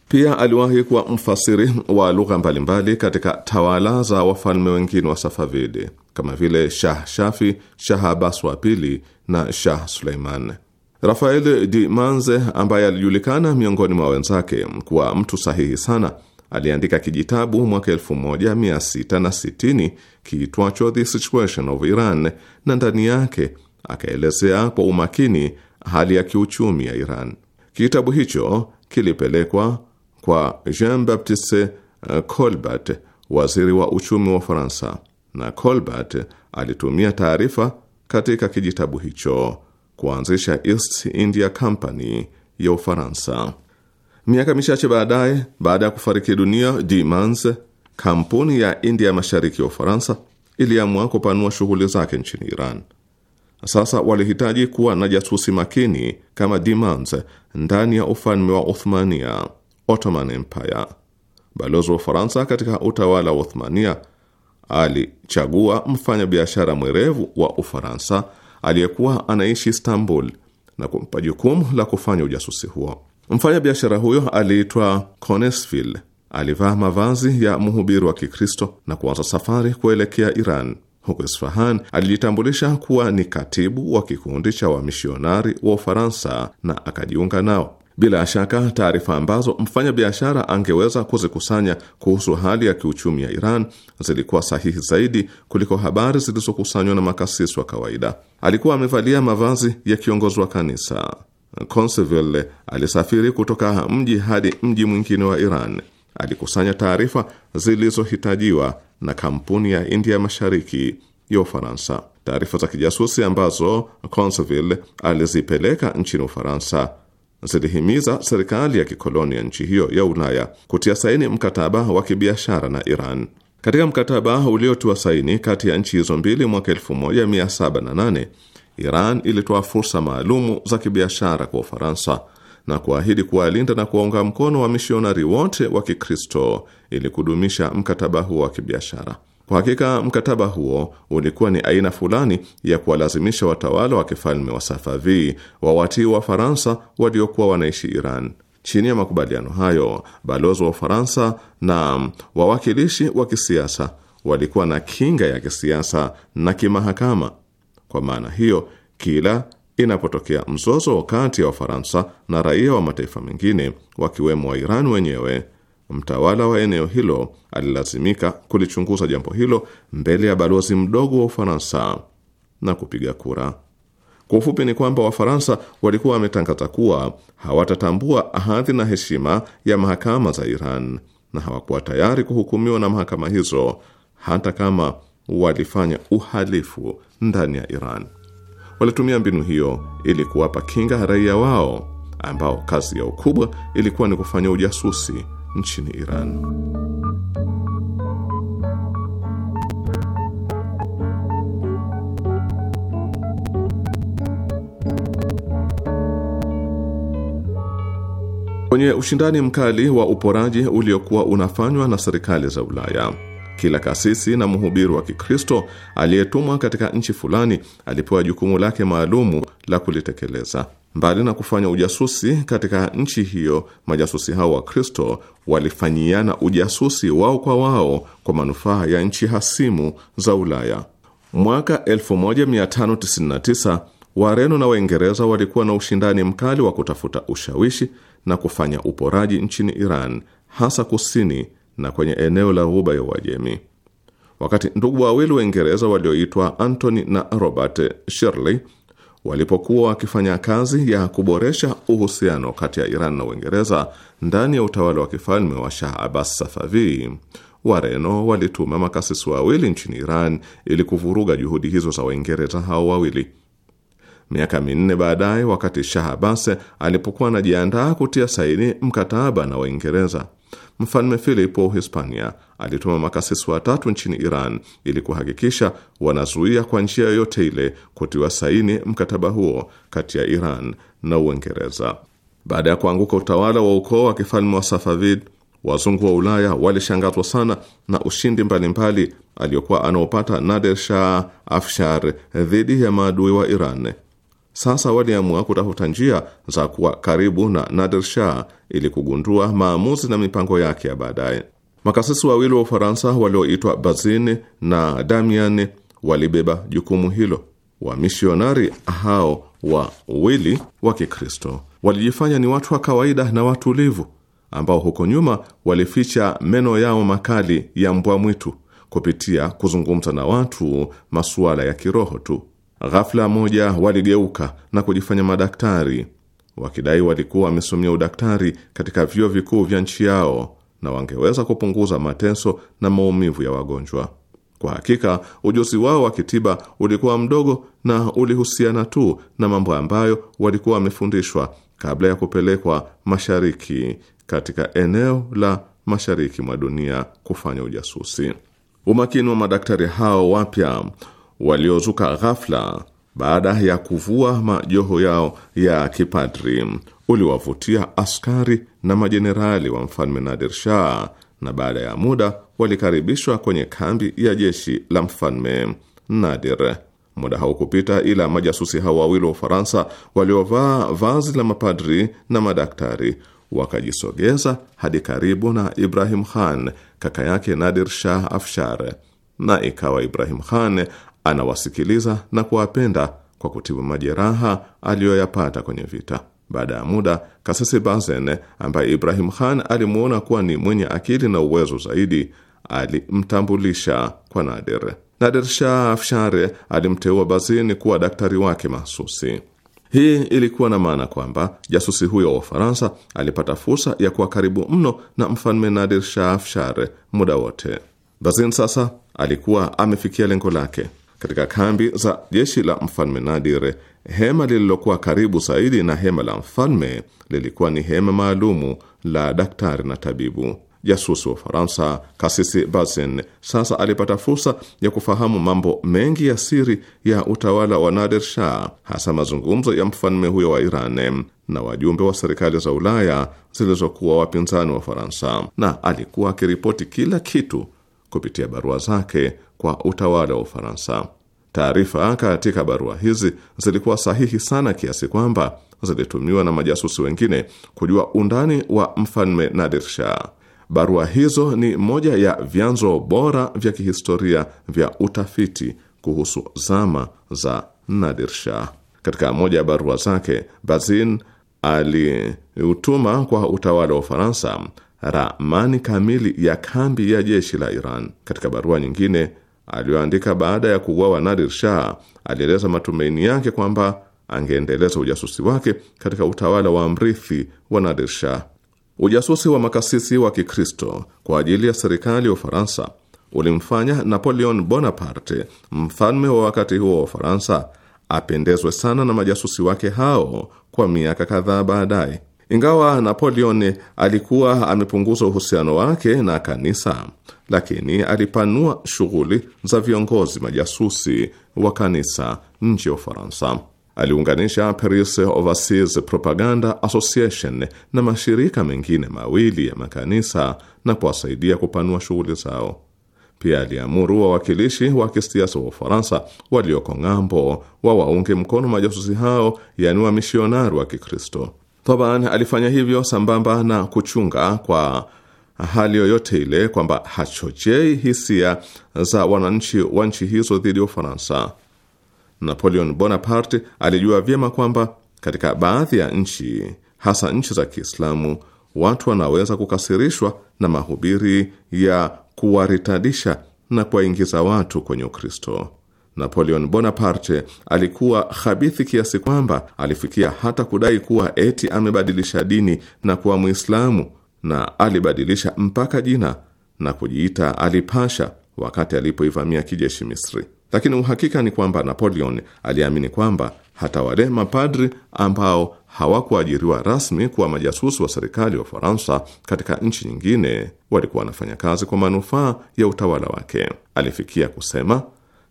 Pia aliwahi kuwa mfasiri wa lugha mbalimbali katika tawala za wafalme wengine wa Safavidi kama vile Shah Shafi, Shah Abbas wa pili na Shah Suleiman. Rafael di Manze, ambaye alijulikana miongoni mwa wenzake kuwa mtu sahihi sana, aliandika kijitabu mwaka 1660 kiitwacho The Situation of Iran, na ndani yake akaelezea kwa umakini hali ya kiuchumi ya Iran. Kitabu hicho kilipelekwa kwa Jean Baptiste eh, Colbert, waziri wa uchumi wa Ufaransa, na Colbert alitumia taarifa katika kijitabu hicho kuanzisha East India Company ya Ufaransa. Miaka michache baadaye, baada ya kufariki dunia De Mans, kampuni ya India Mashariki ya Ufaransa iliamua kupanua shughuli zake nchini Iran. Sasa walihitaji kuwa na jasusi makini kama De Mans ndani ya ufalme wa Uthmania. Ottoman Empire. Balozi wa Ufaransa katika utawala wa Uthmania alichagua mfanyabiashara mwerevu wa Ufaransa aliyekuwa anaishi Istanbul na kumpa jukumu la kufanya ujasusi huo. Mfanyabiashara huyo aliitwa Conesville. Alivaa mavazi ya mhubiri wa Kikristo na kuanza safari kuelekea Iran. Huko Isfahan alijitambulisha kuwa ni katibu wa kikundi cha wamishionari wa Ufaransa wa na akajiunga nao. Bila shaka taarifa ambazo mfanyabiashara angeweza kuzikusanya kuhusu hali ya kiuchumi ya Iran zilikuwa sahihi zaidi kuliko habari zilizokusanywa na makasisi wa kawaida. Alikuwa amevalia mavazi ya kiongozi wa kanisa. conseville alisafiri kutoka mji hadi mji mwingine wa Iran. Alikusanya taarifa zilizohitajiwa na kampuni ya India Mashariki ya Ufaransa. Taarifa za kijasusi ambazo conseville alizipeleka nchini Ufaransa zilihimiza serikali ya kikoloni ya nchi hiyo ya Ulaya kutia saini mkataba wa kibiashara na Iran. Katika mkataba uliotiwa saini kati ya nchi hizo mbili mwaka 1708 Iran ilitoa fursa maalumu za kibiashara kwa Ufaransa na kuahidi kuwalinda na kuwaunga mkono wa mishonari wote wa Kikristo ili kudumisha mkataba huo wa kibiashara. Kwa hakika mkataba huo ulikuwa ni aina fulani ya kuwalazimisha watawala wa kifalme wa Safavi wawatii faransa waliokuwa wanaishi Iran. Chini ya makubaliano hayo, balozi wa Ufaransa na wawakilishi wa kisiasa walikuwa na kinga ya kisiasa na kimahakama. Kwa maana hiyo, kila inapotokea mzozo kati ya Wafaransa na raia wa mataifa mengine, wakiwemo wa Iran wenyewe Mtawala wa eneo hilo alilazimika kulichunguza jambo hilo mbele ya balozi mdogo wa Ufaransa na kupiga kura. Kwa ufupi ni kwamba Wafaransa walikuwa wametangaza kuwa hawatatambua hadhi na heshima ya mahakama za Iran na hawakuwa tayari kuhukumiwa na mahakama hizo hata kama walifanya uhalifu ndani ya Iran. Walitumia mbinu hiyo ili kuwapa kinga raia wao ambao kazi yao kubwa ilikuwa ni kufanya ujasusi nchini Iran. Kwenye ushindani mkali wa uporaji uliokuwa unafanywa na serikali za Ulaya, kila kasisi na mhubiri wa Kikristo aliyetumwa katika nchi fulani alipewa jukumu lake maalumu la kulitekeleza. Mbali na kufanya ujasusi katika nchi hiyo, majasusi hao wa Kristo walifanyiana ujasusi wao kwa wao kwa manufaa ya nchi hasimu za Ulaya. Mwaka 1599 Wareno na Waingereza walikuwa na ushindani mkali wa kutafuta ushawishi na kufanya uporaji nchini Iran, hasa kusini na kwenye eneo la Ghuba ya Uajemi. Wakati ndugu wawili Waingereza walioitwa Anthony na Robert Shirley walipokuwa wakifanya kazi ya kuboresha uhusiano kati ya Iran na Uingereza ndani ya utawala wa kifalme wa Shah Abbas Safavi, Wareno walituma makasisi wawili nchini Iran ili kuvuruga juhudi hizo za Waingereza hao wawili. Miaka minne baadaye, wakati Shah Abbas alipokuwa anajiandaa kutia saini mkataba na Waingereza, mfalme Philip wa Uhispania alituma makasisi watatu nchini Iran ili kuhakikisha wanazuia kwa njia yoyote ile kutiwa saini mkataba huo kati ya Iran na Uingereza. Baada ya kuanguka utawala wa ukoo wa kifalme wa Safavid, wazungu wa Ulaya walishangazwa sana na ushindi mbalimbali aliyokuwa anaopata Nader Shah Afshar dhidi ya maadui wa Iran. Sasa waliamua kutafuta njia za kuwa karibu na Nader Shah ili kugundua maamuzi na mipango yake ya baadaye. Makasisi wawili wa Ufaransa walioitwa Bazin na Damian walibeba jukumu hilo. wamisionari hao wawili wa Kikristo walijifanya ni watu wa kawaida na watulivu ambao huko nyuma walificha meno yao makali ya mbwa mwitu kupitia kuzungumza na watu masuala ya kiroho tu. Ghafla moja waligeuka na kujifanya madaktari, wakidai walikuwa wamesomea udaktari katika vyuo vikuu vya nchi yao na wangeweza kupunguza mateso na maumivu ya wagonjwa. Kwa hakika ujuzi wao wa kitiba ulikuwa mdogo na ulihusiana tu na mambo ambayo walikuwa wamefundishwa kabla ya kupelekwa mashariki katika eneo la mashariki mwa dunia kufanya ujasusi. Umakini wa madaktari hao wapya waliozuka ghafla baada ya kuvua majoho yao ya kipadri uliwavutia askari na majenerali wa mfalme Nadir Shah, na baada ya muda walikaribishwa kwenye kambi ya jeshi la mfalme Nadir. Muda haukupita ila majasusi hao wawili wa Ufaransa waliovaa vazi la mapadri na madaktari wakajisogeza hadi karibu na Ibrahim Khan, kaka yake Nadir Shah Afshar, na ikawa Ibrahim Khan anawasikiliza na kuwapenda kwa kutibu majeraha aliyoyapata kwenye vita. Baada ya muda kasisi Bazene ambaye Ibrahim Khan alimwona kuwa ni mwenye akili na uwezo zaidi alimtambulisha kwa Nadir. Nader Shah Afshare alimteua Bazin kuwa daktari wake mahsusi. Hii ilikuwa na maana kwamba jasusi huyo wa Ufaransa alipata fursa ya kuwa karibu mno na mfalme Nadir Shah Afshare muda wote. Bazin sasa alikuwa amefikia lengo lake. Katika kambi za jeshi la mfalme Nadir Hema lililokuwa karibu zaidi na hema la mfalme lilikuwa ni hema maalumu la daktari na tabibu. Jasusi wa Ufaransa Kasisi Bazin sasa alipata fursa ya kufahamu mambo mengi ya siri ya utawala wa Nader Shah, hasa mazungumzo ya mfalme huyo wa Iran na wajumbe wa serikali za Ulaya zilizokuwa wapinzani wa Ufaransa, na alikuwa akiripoti kila kitu kupitia barua zake kwa utawala wa Ufaransa. Taarifa katika barua hizi zilikuwa sahihi sana kiasi kwamba zilitumiwa na majasusi wengine kujua undani wa mfalme Nadir Shah. Barua hizo ni moja ya vyanzo bora vya kihistoria vya utafiti kuhusu zama za Nadir Shah. Katika moja ya barua zake, Bazin aliutuma kwa utawala wa Ufaransa ramani kamili ya kambi ya jeshi la Iran. Katika barua nyingine aliyoandika baada ya kuuawa Nadir Shah, alieleza matumaini yake kwamba angeendeleza ujasusi wake katika utawala wa mrithi wa Nadir Shah. Ujasusi wa makasisi wa Kikristo kwa ajili ya serikali ya Ufaransa ulimfanya Napoleon Bonaparte, mfalme wa wakati huo wa Ufaransa, apendezwe sana na majasusi wake hao kwa miaka kadhaa baadaye. Ingawa Napoleon alikuwa amepunguza uhusiano wake na kanisa, lakini alipanua shughuli za viongozi majasusi wa kanisa nje ya Ufaransa. Aliunganisha Paris Overseas Propaganda Association na mashirika mengine mawili ya makanisa na kuwasaidia kupanua shughuli zao. Pia aliamuru wawakilishi wa kisiasa wa Ufaransa walioko ng'ambo wawaunge mkono majasusi hao, yaani wamishionari wa Kikristo thoban alifanya hivyo sambamba na kuchunga kwa hali yoyote ile kwamba hachochei hisia za wananchi wa nchi hizo dhidi ya Ufaransa. Napoleon Bonaparte alijua vyema kwamba katika baadhi ya nchi, hasa nchi za Kiislamu, watu wanaweza kukasirishwa na mahubiri ya kuwaritadisha na kuwaingiza watu kwenye Ukristo. Napoleon Bonaparte alikuwa khabithi kiasi kwamba alifikia hata kudai kuwa eti amebadilisha dini na kuwa Mwislamu, na alibadilisha mpaka jina na kujiita Alipasha wakati alipoivamia kijeshi Misri. Lakini uhakika ni kwamba Napoleon aliamini kwamba hata wale mapadri ambao hawakuajiriwa rasmi kuwa majasusi wa serikali ya Ufaransa katika nchi nyingine walikuwa wanafanya kazi kwa manufaa ya utawala wake. Alifikia kusema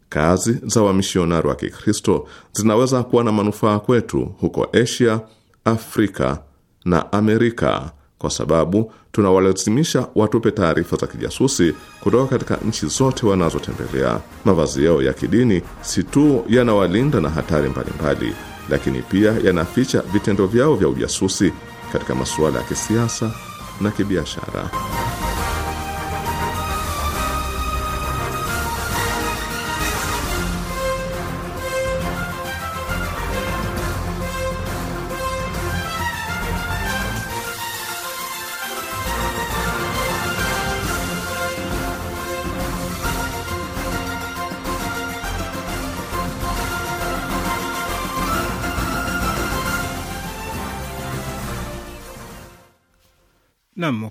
kazi za wamishionari wa Kikristo zinaweza kuwa na manufaa kwetu huko Asia, Afrika na Amerika kwa sababu tunawalazimisha watupe taarifa za kijasusi kutoka katika nchi zote wanazotembelea. Mavazi yao ya kidini si tu yanawalinda na hatari mbalimbali, lakini pia yanaficha vitendo vyao vya ujasusi katika masuala ya kisiasa na kibiashara.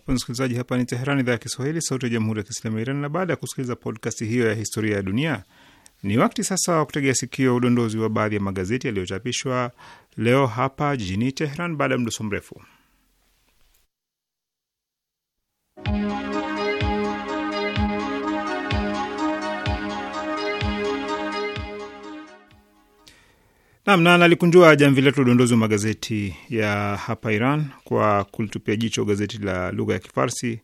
Wapenzi msikilizaji, hapa ni teheran idhaa ya Kiswahili, sauti ya jamhuri ya kiislamu ya Iran. Na baada ya kusikiliza podcast hiyo ya historia ya dunia, ni wakati sasa wa kutegea sikio udondozi wa baadhi ya magazeti yaliyochapishwa leo hapa jijini Teheran baada ya mdoso mrefu Nam na nalikunjua jamvi letu udondozi wa magazeti ya hapa Iran kwa kulitupia jicho gazeti la lugha ya Kifarsi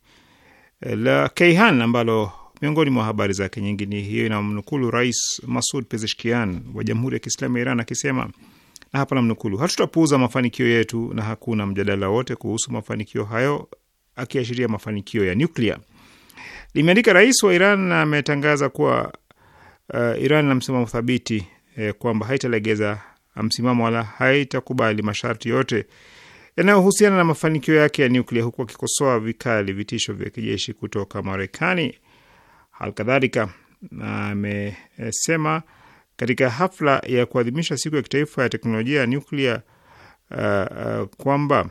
eh, la Keihan ambalo miongoni mwa habari zake nyingi ni hiyo inamnukulu Rais Masud Pezeshkian wa Jamhuri ya Kiislamu ya Iran akisema, na hapa namnukulu, hatutapuuza mafanikio yetu na hakuna mjadala wote kuhusu mafanikio hayo, akiashiria mafanikio ya nuklia. Limeandika rais wa Iran ametangaza kuwa uh, Iran na msimamo thabiti e, kwamba haitalegeza ah, msimamo wala haitakubali masharti yote yanayohusiana na mafanikio yake ya nyuklia, huku akikosoa vikali vitisho vya kijeshi kutoka Marekani. Halikadhalika amesema katika hafla ya kuadhimisha siku ya kitaifa ya teknolojia ya nyuklia uh, uh, kwamba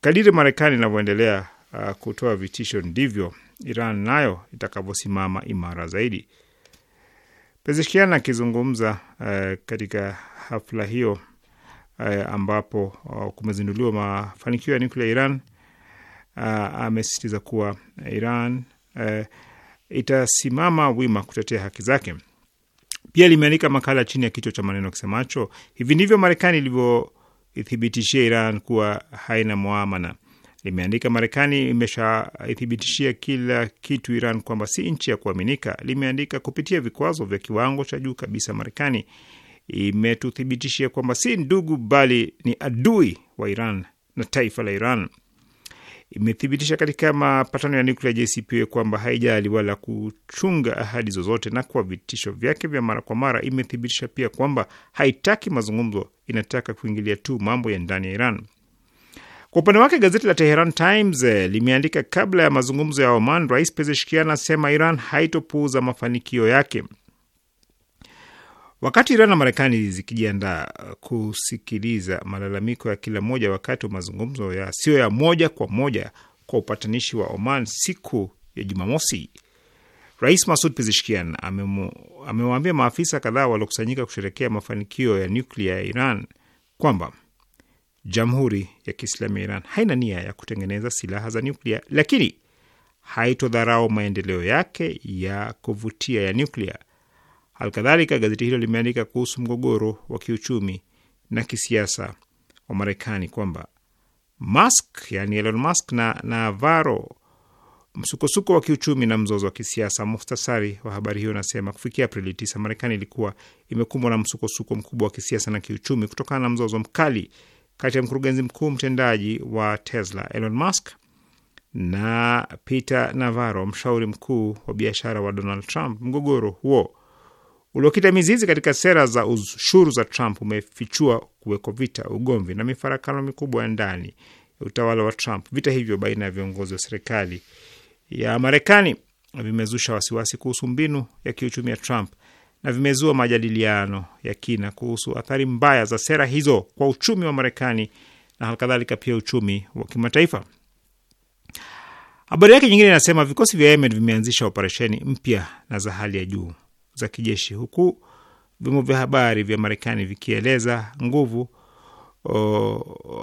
kadiri Marekani inavyoendelea uh, kutoa vitisho ndivyo Iran nayo itakavyosimama imara zaidi. Pezeshkian akizungumza uh, katika hafla hiyo uh, ambapo uh, kumezinduliwa mafanikio ya nuklia ya Iran uh, amesisitiza kuwa Iran uh, itasimama wima kutetea haki zake. Pia limeandika makala chini ya kichwa cha maneno kisemacho hivi ndivyo Marekani ilivyoithibitishia Iran kuwa haina mwamana limeandika Marekani imeshaithibitishia kila kitu Iran kwamba si nchi ya kuaminika. Limeandika kupitia vikwazo vya kiwango cha juu kabisa, Marekani imetuthibitishia kwamba si ndugu, bali ni adui wa Iran na taifa la Iran. Imethibitisha katika mapatano ya nuklia JCPOA kwamba haijali wala kuchunga ahadi zozote, na kwa vitisho vyake vya mara kwa mara imethibitisha pia kwamba haitaki mazungumzo, inataka kuingilia tu mambo ya ndani ya Iran. Kwa upande wake gazeti la Teheran Times eh, limeandika kabla ya mazungumzo ya Oman, Rais Pezeshkian asema Iran haitopuuza mafanikio yake. Wakati Iran na Marekani zikijiandaa eh, kusikiliza malalamiko ya kila moja wakati wa mazungumzo yasiyo ya moja kwa moja kwa upatanishi wa Oman siku ya Jumamosi, Rais Masud Pezeshkian amewaambia maafisa kadhaa waliokusanyika kusherekea mafanikio ya nyuklia ya Iran kwamba Jamhuri ya Kiislamu ya Iran haina nia ya kutengeneza silaha za nyuklia, lakini haitodharau maendeleo yake ya kuvutia ya nyuklia. Halikadhalika, gazeti hilo limeandika kuhusu mgogoro wa kiuchumi na kisiasa wa Marekani kwamba Musk, yani Elon Musk na Navarro, msukosuko wa kiuchumi na mzozo wa kisiasa. Muhtasari wa habari hiyo unasema kufikia Aprili 9 Marekani ilikuwa imekumbwa na msukosuko mkubwa wa kisiasa na kiuchumi kutokana na mzozo mkali kati ya mkurugenzi mkuu mtendaji wa Tesla Elon Musk na Peter Navarro, mshauri mkuu wa biashara wa Donald Trump. Mgogoro huo uliokita mizizi katika sera za ushuru za Trump umefichua kuweko vita, ugomvi na mifarakano mikubwa ya ndani ya utawala wa Trump. Vita hivyo baina ya viongozi wa serikali ya Marekani vimezusha wasiwasi kuhusu mbinu ya kiuchumi ya Trump na vimezua majadiliano ya kina kuhusu athari mbaya za sera hizo kwa uchumi wa Marekani na halikadhalika pia uchumi wa kimataifa. Habari yake nyingine inasema vikosi vya Yemen vimeanzisha operesheni mpya na za hali ya juu za kijeshi, huku vyombo vya habari vya Marekani vikieleza nguvu o,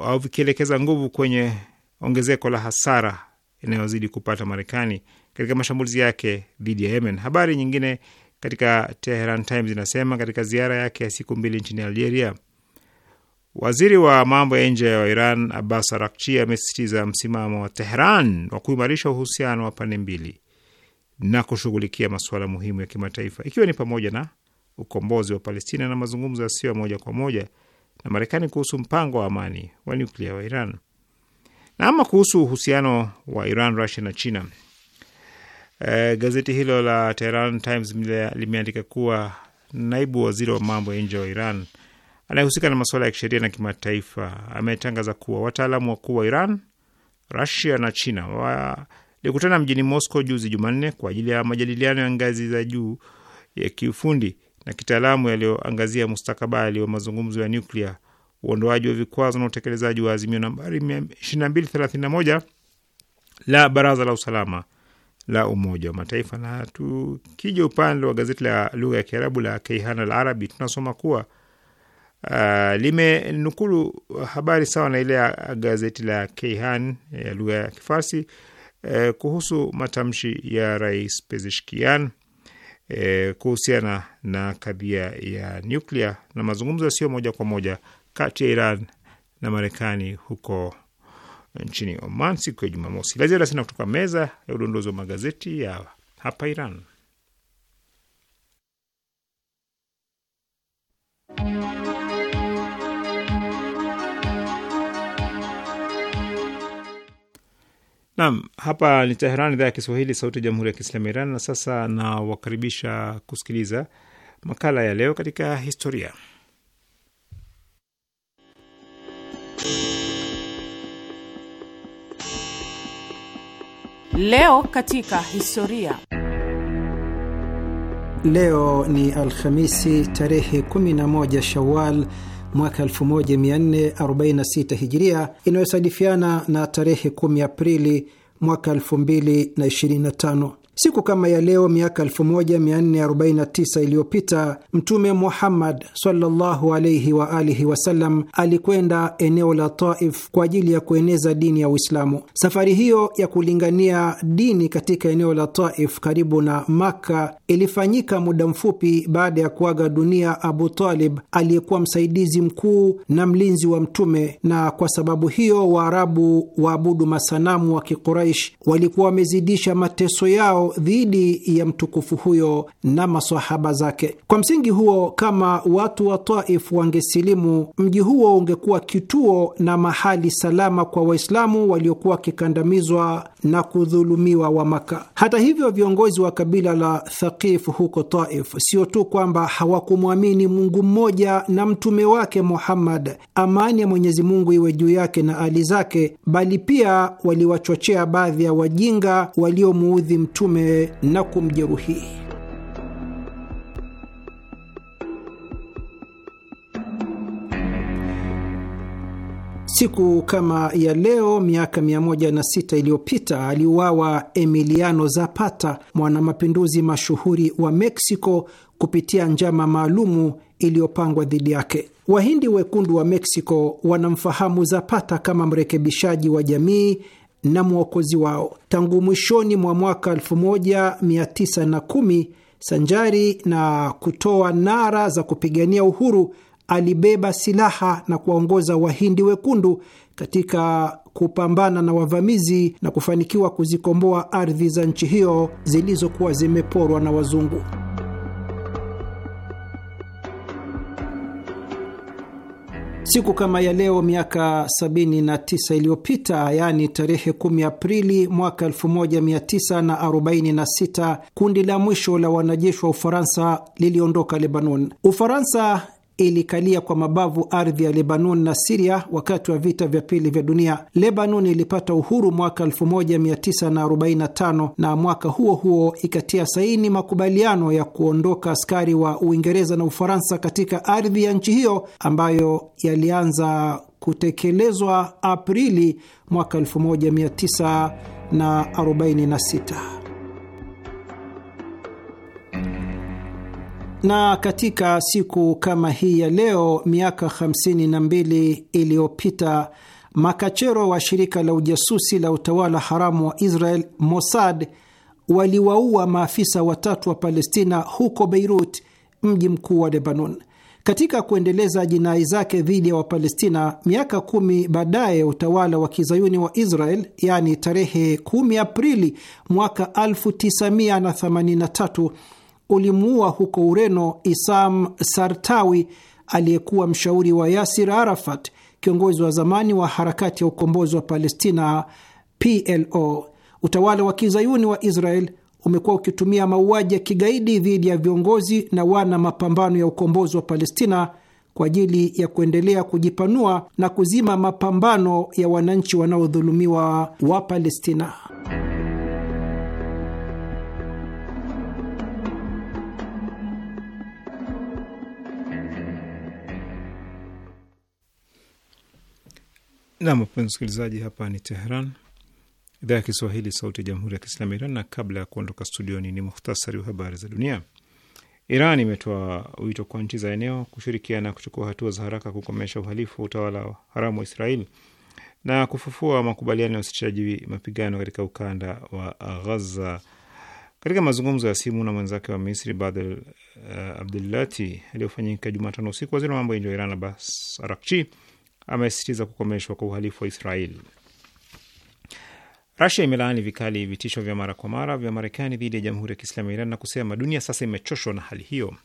au vikielekeza nguvu kwenye ongezeko la hasara inayozidi kupata Marekani katika mashambulizi yake dhidi ya Yemen. Habari nyingine katika Teheran Times inasema katika ziara yake ya siku mbili nchini Algeria, waziri wa mambo ya nje wa Iran Abbas Arakchi amesisitiza msimamo wa Teheran wa kuimarisha uhusiano wa pande mbili na kushughulikia masuala muhimu ya kimataifa ikiwa ni pamoja na ukombozi wa Palestina na mazungumzo yasiyo ya moja kwa moja na Marekani kuhusu mpango wa amani wa nyuklia wa Iran. Na ama kuhusu uhusiano wa Iran, Rusia na China, E, gazeti hilo la Tehran Times limeandika kuwa naibu waziri wa mambo ya nje wa Iran anayehusika na masuala ya kisheria na kimataifa ametangaza kuwa wataalamu wakuu wa Iran, Rusia na China walikutana mjini Moscow juzi Jumanne kwa ajili ya majadiliano ya ngazi za juu ya kiufundi na kitaalamu yaliyoangazia mustakabali wa mazungumzo ya nuklia, uondoaji wa vikwazo na utekelezaji wa azimio nambari 2231 la Baraza la Usalama la Umoja wa Mataifa. Na tukija upande wa gazeti la lugha ya Kiarabu la Kayhan Al Arabi tunasoma kuwa uh, limenukulu habari sawa na ile ya gazeti la Kayhan ya eh, lugha ya Kifarsi uh, kuhusu matamshi ya Rais Pezeshkian uh, kuhusiana na kadhia ya nyuklia na mazungumzo yasiyo moja kwa moja kati ya Iran na Marekani huko nchini Oman siku ya Jumamosi. La ziada sina kutoka meza ya udondozi wa magazeti ya hapa Iran. nam hapa ni Teheran, idhaa ya Kiswahili, sauti ya jamhuri ya kiislamu ya Iran. Na sasa nawakaribisha kusikiliza makala ya leo katika historia Leo katika historia. Leo ni Alhamisi tarehe 11 Shawal mwaka 1446 Hijiria, inayosadifiana na tarehe 10 Aprili mwaka 2025. Siku kama ya leo miaka 1449 iliyopita Mtume Muhammad sallallahu wa alihi wasallam alikwenda eneo la Taif kwa ajili ya kueneza dini ya Uislamu. Safari hiyo ya kulingania dini katika eneo la Taif karibu na Makka ilifanyika muda mfupi baada ya kuaga dunia Abu Talib aliyekuwa msaidizi mkuu na mlinzi wa Mtume, na kwa sababu hiyo Waarabu waabudu masanamu wa Kiquraish walikuwa wamezidisha mateso yao zao dhidi ya mtukufu huyo na masahaba zake. Kwa msingi huo, kama watu wa Taif wangesilimu, mji huo ungekuwa kituo na mahali salama kwa Waislamu waliokuwa wakikandamizwa na kudhulumiwa wa Maka. Hata hivyo, viongozi wa kabila la Thaqif huko Taif sio tu kwamba hawakumwamini Mungu mmoja na mtume wake Muhammad, amani ya Mwenyezi Mungu iwe juu yake na ali zake, bali pia waliwachochea baadhi ya wajinga waliomuudhi mtume na kumjeruhi. Siku kama ya leo miaka 106 iliyopita aliuawa Emiliano Zapata, mwanamapinduzi mashuhuri wa Meksiko, kupitia njama maalumu iliyopangwa dhidi yake. Wahindi wekundu wa Meksiko wanamfahamu Zapata kama mrekebishaji wa jamii na mwokozi wao. Tangu mwishoni mwa mwaka 1910 sanjari na kutoa nara za kupigania uhuru alibeba silaha na kuwaongoza Wahindi wekundu katika kupambana na wavamizi na kufanikiwa kuzikomboa ardhi za nchi hiyo zilizokuwa zimeporwa na wazungu. Siku kama ya leo miaka 79 iliyopita, yaani tarehe 10 Aprili mwaka 1946, kundi la mwisho la wanajeshi wa Ufaransa liliondoka Lebanon. Ufaransa ilikalia kwa mabavu ardhi ya Lebanon na Siria wakati wa vita vya pili vya dunia. Lebanon ilipata uhuru mwaka 1945 na, na mwaka huo huo ikatia saini makubaliano ya kuondoka askari wa Uingereza na Ufaransa katika ardhi ya nchi hiyo ambayo yalianza kutekelezwa Aprili mwaka 1946. na katika siku kama hii ya leo miaka 52 iliyopita makachero wa shirika la ujasusi la utawala haramu wa Israel Mossad waliwaua maafisa watatu wa Palestina huko Beirut, mji mkuu wa Lebanon. Katika kuendeleza jinai zake dhidi ya Wapalestina, miaka kumi baadaye utawala wa kizayuni wa Israel, yaani tarehe 10 Aprili mwaka 1983 ulimuua huko Ureno Isam Sartawi aliyekuwa mshauri wa Yasir Arafat, kiongozi wa zamani wa harakati ya ukombozi wa Palestina PLO. Utawala wa kizayuni wa Israel umekuwa ukitumia mauaji ya kigaidi dhidi ya viongozi na wana mapambano ya ukombozi wa Palestina kwa ajili ya kuendelea kujipanua na kuzima mapambano ya wananchi wanaodhulumiwa wa Palestina. Nam, wapenzi msikilizaji, hapa ni Teheran, idhaa ya Kiswahili, sauti ya jamhuri ya kiislamu ya Iran. Na kabla ya kuondoka studioni, ni muhtasari wa habari za dunia. Iran imetoa wito kwa nchi za eneo kushirikiana kuchukua hatua za haraka kukomesha uhalifu wa utawala wa haramu wa Israeli na kufufua makubaliano ya usitishaji mapigano katika ukanda wa Ghaza. Katika mazungumzo ya simu na mwenzake wa Misri Badr uh, eh, Abdulati aliyofanyika Jumatano usiku, waziri wa mambo ya nje wa Iran Abbas Arakchi amesisitiza kukomeshwa kwa uhalifu wa Israeli. Rasia imelaani vikali vitisho vya mara kwa mara vya Marekani dhidi ya Jamhuri ya Kiislamu ya Iran na kusema dunia sasa imechoshwa na hali hiyo.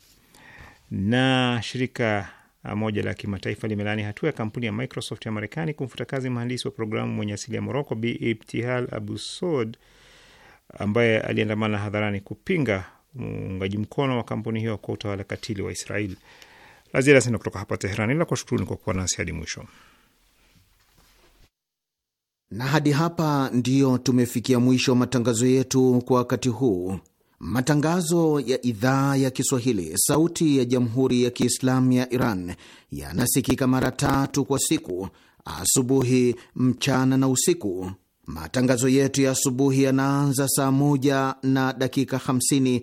Na shirika moja la kimataifa limelaani hatua ya kampuni ya Microsoft ya Marekani kumfuta kazi mhandisi wa programu mwenye asili ya Moroko Bi Ibtihal Abusod ambaye aliandamana hadharani kupinga uungaji mkono wa kampuni hiyo kwa utawala katili wa Israeli la ziada sina kutoka hapa Teherani, ila kuwashukuruni kwa kuwa nasi hadi mwisho. Na hadi hapa ndiyo tumefikia mwisho wa matangazo yetu kwa wakati huu. Matangazo ya idhaa ya Kiswahili, sauti ya jamhuri ya kiislamu ya Iran yanasikika mara tatu kwa siku: asubuhi, mchana na usiku. Matangazo yetu ya asubuhi yanaanza saa moja na dakika 50